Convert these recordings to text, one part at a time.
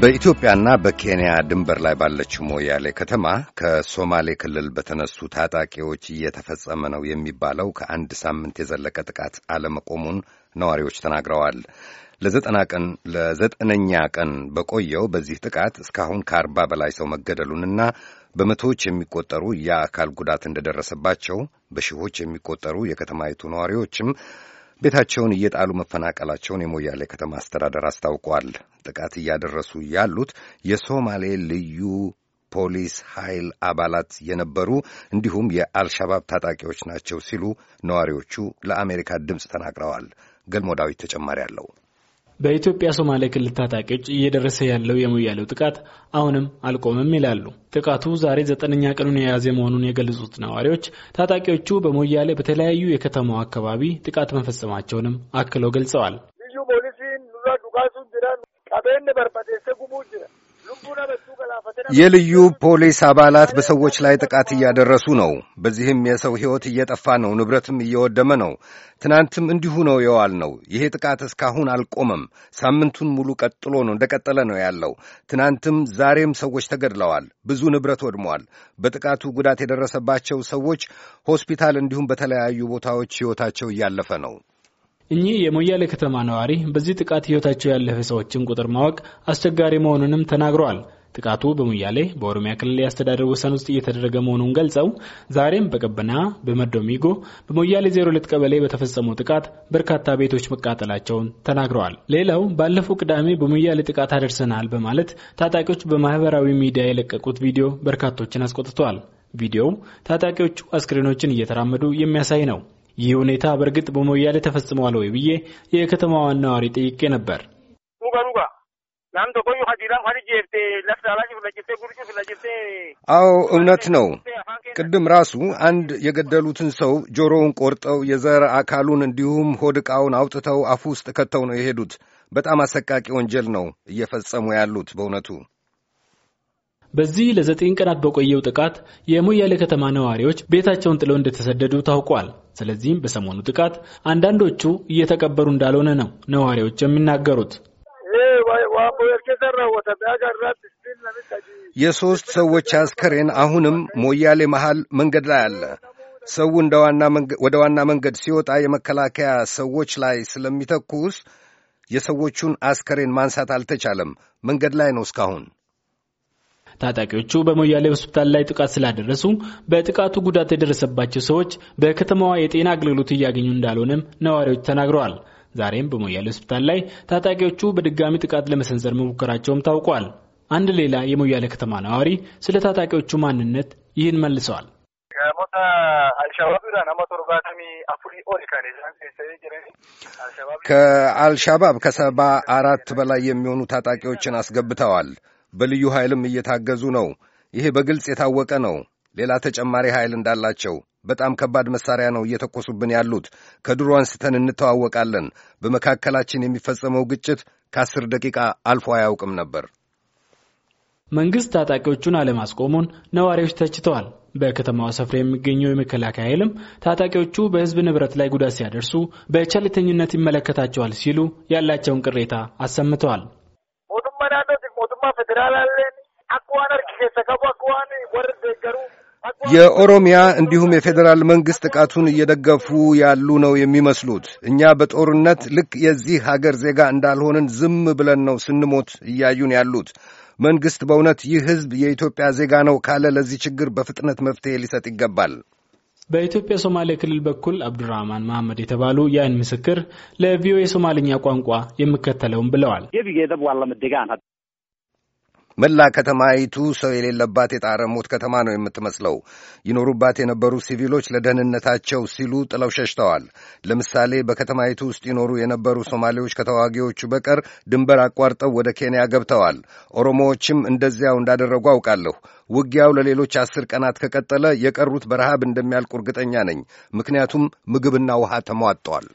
በኢትዮጵያና በኬንያ ድንበር ላይ ባለችው ሞያሌ ከተማ ከሶማሌ ክልል በተነሱ ታጣቂዎች እየተፈጸመ ነው የሚባለው ከአንድ ሳምንት የዘለቀ ጥቃት አለመቆሙን ነዋሪዎች ተናግረዋል። ለዘጠና ቀን ለዘጠነኛ ቀን በቆየው በዚህ ጥቃት እስካሁን ከአርባ በላይ ሰው መገደሉንና በመቶዎች የሚቆጠሩ የአካል ጉዳት እንደደረሰባቸው በሺዎች የሚቆጠሩ የከተማይቱ ነዋሪዎችም ቤታቸውን እየጣሉ መፈናቀላቸውን የሞያሌ ከተማ አስተዳደር አስታውቋል። ጥቃት እያደረሱ ያሉት የሶማሌ ልዩ ፖሊስ ኃይል አባላት የነበሩ እንዲሁም የአልሻባብ ታጣቂዎች ናቸው ሲሉ ነዋሪዎቹ ለአሜሪካ ድምፅ ተናግረዋል። ገልሞ ዳዊት ተጨማሪ አለው። በኢትዮጵያ ሶማሌ ክልል ታጣቂዎች እየደረሰ ያለው የሙያሌው ጥቃት አሁንም አልቆምም ይላሉ። ጥቃቱ ዛሬ ዘጠነኛ ቀኑን የያዘ መሆኑን የገለጹት ነዋሪዎች ታጣቂዎቹ በሙያሌ በተለያዩ የከተማው አካባቢ ጥቃት መፈጸማቸውንም አክለው ገልጸዋል። የልዩ ፖሊስ አባላት በሰዎች ላይ ጥቃት እያደረሱ ነው። በዚህም የሰው ሕይወት እየጠፋ ነው፣ ንብረትም እየወደመ ነው። ትናንትም እንዲሁ ነው የዋል ነው። ይሄ ጥቃት እስካሁን አልቆመም። ሳምንቱን ሙሉ ቀጥሎ ነው እንደቀጠለ ነው ያለው። ትናንትም ዛሬም ሰዎች ተገድለዋል፣ ብዙ ንብረት ወድመዋል። በጥቃቱ ጉዳት የደረሰባቸው ሰዎች ሆስፒታል፣ እንዲሁም በተለያዩ ቦታዎች ሕይወታቸው እያለፈ ነው። እኚህ የሞያሌ ከተማ ነዋሪ በዚህ ጥቃት ሕይወታቸው ያለፈ ሰዎችን ቁጥር ማወቅ አስቸጋሪ መሆኑንም ተናግረዋል። ጥቃቱ በሙያሌ በኦሮሚያ ክልል የአስተዳደር ወሰን ውስጥ እየተደረገ መሆኑን ገልጸው ዛሬም በቀበና በመዶሚጎ በሙያሌ ዜሮ ሁለት ቀበሌ በተፈጸመው ጥቃት በርካታ ቤቶች መቃጠላቸውን ተናግረዋል። ሌላው ባለፈው ቅዳሜ በሙያሌ ጥቃት አደርሰናል በማለት ታጣቂዎች በማህበራዊ ሚዲያ የለቀቁት ቪዲዮ በርካቶችን አስቆጥተዋል። ቪዲዮው ታጣቂዎቹ አስክሬኖችን እየተራመዱ የሚያሳይ ነው። ይህ ሁኔታ በእርግጥ በሞያሌ ተፈጽመዋል ወይ ብዬ የከተማዋን ነዋሪ ጠይቄ ነበር። ናም ተቆዩ አዎ እውነት ነው። ቅድም ራሱ አንድ የገደሉትን ሰው ጆሮውን ቆርጠው የዘር አካሉን እንዲሁም ሆድ ዕቃውን አውጥተው አፉ ውስጥ ከተው ነው የሄዱት። በጣም አሰቃቂ ወንጀል ነው እየፈጸሙ ያሉት በእውነቱ። በዚህ ለዘጠኝ ቀናት በቆየው ጥቃት የሞያሌ ከተማ ነዋሪዎች ቤታቸውን ጥለው እንደተሰደዱ ታውቋል። ስለዚህም በሰሞኑ ጥቃት አንዳንዶቹ እየተቀበሩ እንዳልሆነ ነው ነዋሪዎች የሚናገሩት። የሦስት ሰዎች አስከሬን አሁንም ሞያሌ መሃል መንገድ ላይ አለ። ሰው ወደ ዋና መንገድ ሲወጣ የመከላከያ ሰዎች ላይ ስለሚተኩስ የሰዎቹን አስከሬን ማንሳት አልተቻለም። መንገድ ላይ ነው እስካሁን። ታጣቂዎቹ በሞያሌ ሆስፒታል ላይ ጥቃት ስላደረሱ በጥቃቱ ጉዳት የደረሰባቸው ሰዎች በከተማዋ የጤና አገልግሎት እያገኙ እንዳልሆነም ነዋሪዎች ተናግረዋል። ዛሬም በሞያሌ ሆስፒታል ላይ ታጣቂዎቹ በድጋሚ ጥቃት ለመሰንዘር መሞከራቸውም ታውቋል። አንድ ሌላ የሞያሌ ከተማ ነዋሪ ስለ ታጣቂዎቹ ማንነት ይህን መልሰዋል። ከአልሻባብ ከሰባ አራት በላይ የሚሆኑ ታጣቂዎችን አስገብተዋል። በልዩ ኃይልም እየታገዙ ነው። ይሄ በግልጽ የታወቀ ነው። ሌላ ተጨማሪ ኃይል እንዳላቸው በጣም ከባድ መሳሪያ ነው እየተኮሱብን ያሉት። ከድሮ አንስተን እንተዋወቃለን። በመካከላችን የሚፈጸመው ግጭት ከአስር ደቂቃ አልፎ አያውቅም ነበር። መንግስት ታጣቂዎቹን አለማስቆሙን ነዋሪዎች ተችተዋል። በከተማዋ ሰፍራ የሚገኘው የመከላከያ ኃይልም ታጣቂዎቹ በሕዝብ ንብረት ላይ ጉዳት ሲያደርሱ በቸልተኝነት ይመለከታቸዋል ሲሉ ያላቸውን ቅሬታ አሰምተዋል። ሞቱማ ናኖ ሞቱማ ፌዴራል አለን አዋን የኦሮሚያ እንዲሁም የፌዴራል መንግሥት ጥቃቱን እየደገፉ ያሉ ነው የሚመስሉት። እኛ በጦርነት ልክ የዚህ ሀገር ዜጋ እንዳልሆንን ዝም ብለን ነው ስንሞት እያዩን ያሉት። መንግሥት በእውነት ይህ ሕዝብ የኢትዮጵያ ዜጋ ነው ካለ ለዚህ ችግር በፍጥነት መፍትሄ ሊሰጥ ይገባል። በኢትዮጵያ ሶማሌ ክልል በኩል አብዱራህማን መሐመድ የተባሉ የአይን ምስክር ለቪኦኤ ሶማልኛ ቋንቋ የሚከተለውን ብለዋል። መላ ከተማይቱ ሰው የሌለባት የጣረ ሞት ከተማ ነው የምትመስለው። ይኖሩባት የነበሩ ሲቪሎች ለደህንነታቸው ሲሉ ጥለው ሸሽተዋል። ለምሳሌ በከተማይቱ ውስጥ ይኖሩ የነበሩ ሶማሌዎች ከተዋጊዎቹ በቀር ድንበር አቋርጠው ወደ ኬንያ ገብተዋል። ኦሮሞዎችም እንደዚያው እንዳደረጉ አውቃለሁ። ውጊያው ለሌሎች አስር ቀናት ከቀጠለ የቀሩት በረሃብ እንደሚያልቁ እርግጠኛ ነኝ። ምክንያቱም ምግብና ውሃ ተሟጧል።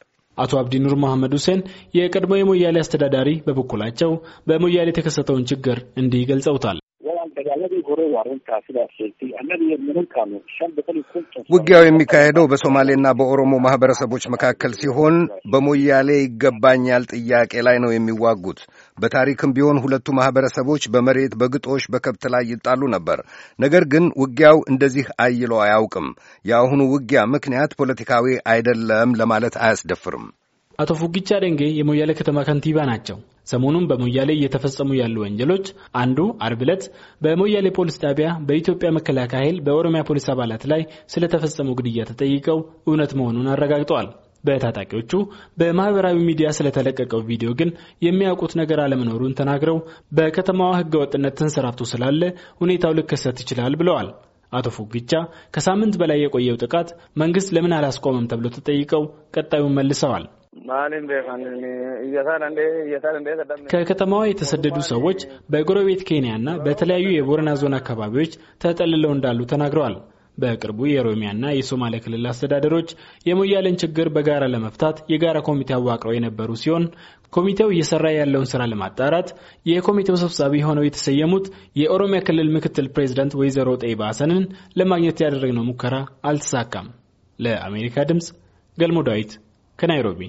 አቶ አብዲ ኑር መሐመድ ሁሴን የቀድሞ የሞያሌ አስተዳዳሪ በበኩላቸው በሞያሌ የተከሰተውን ችግር እንዲህ ገልጸውታል። ውጊያው የሚካሄደው በሶማሌና በኦሮሞ ማህበረሰቦች መካከል ሲሆን በሞያሌ ይገባኛል ጥያቄ ላይ ነው የሚዋጉት። በታሪክም ቢሆን ሁለቱ ማህበረሰቦች በመሬት በግጦሽ፣ በከብት ላይ ይጣሉ ነበር። ነገር ግን ውጊያው እንደዚህ አይሎ አያውቅም። የአሁኑ ውጊያ ምክንያት ፖለቲካዊ አይደለም ለማለት አያስደፍርም። አቶ ፉጊቻ ደንጌ የሞያሌ ከተማ ከንቲባ ናቸው። ሰሞኑን በሞያሌ እየተፈጸሙ ያሉ ወንጀሎች አንዱ አርብ ዕለት በሞያሌ ፖሊስ ጣቢያ በኢትዮጵያ መከላከያ ኃይል በኦሮሚያ ፖሊስ አባላት ላይ ስለተፈጸመው ግድያ ተጠይቀው እውነት መሆኑን አረጋግጠዋል። በታጣቂዎቹ በማህበራዊ ሚዲያ ስለተለቀቀው ቪዲዮ ግን የሚያውቁት ነገር አለመኖሩን ተናግረው በከተማዋ ህገወጥነት ተንሰራፍቶ ስላለ ሁኔታው ሊከሰት ይችላል ብለዋል። አቶ ፉግቻ ከሳምንት በላይ የቆየው ጥቃት መንግስት ለምን አላስቆመም ተብሎ ተጠይቀው ቀጣዩን መልሰዋል። ከከተማዋ የተሰደዱ ሰዎች በጎረቤት ኬንያና በተለያዩ የቦረና ዞን አካባቢዎች ተጠልለው እንዳሉ ተናግረዋል። በቅርቡ የኦሮሚያና የሶማሌ ክልል አስተዳደሮች የሞያሌን ችግር በጋራ ለመፍታት የጋራ ኮሚቴ አዋቅረው የነበሩ ሲሆን ኮሚቴው እየሰራ ያለውን ስራ ለማጣራት የኮሚቴው ሰብሳቢ ሆነው የተሰየሙት የኦሮሚያ ክልል ምክትል ፕሬዚዳንት ወይዘሮ ጠይባ ሐሰንን ለማግኘት ያደረግነው ሙከራ አልተሳካም። ለአሜሪካ ድምፅ ገልሞ ዳዊት ከናይሮቢ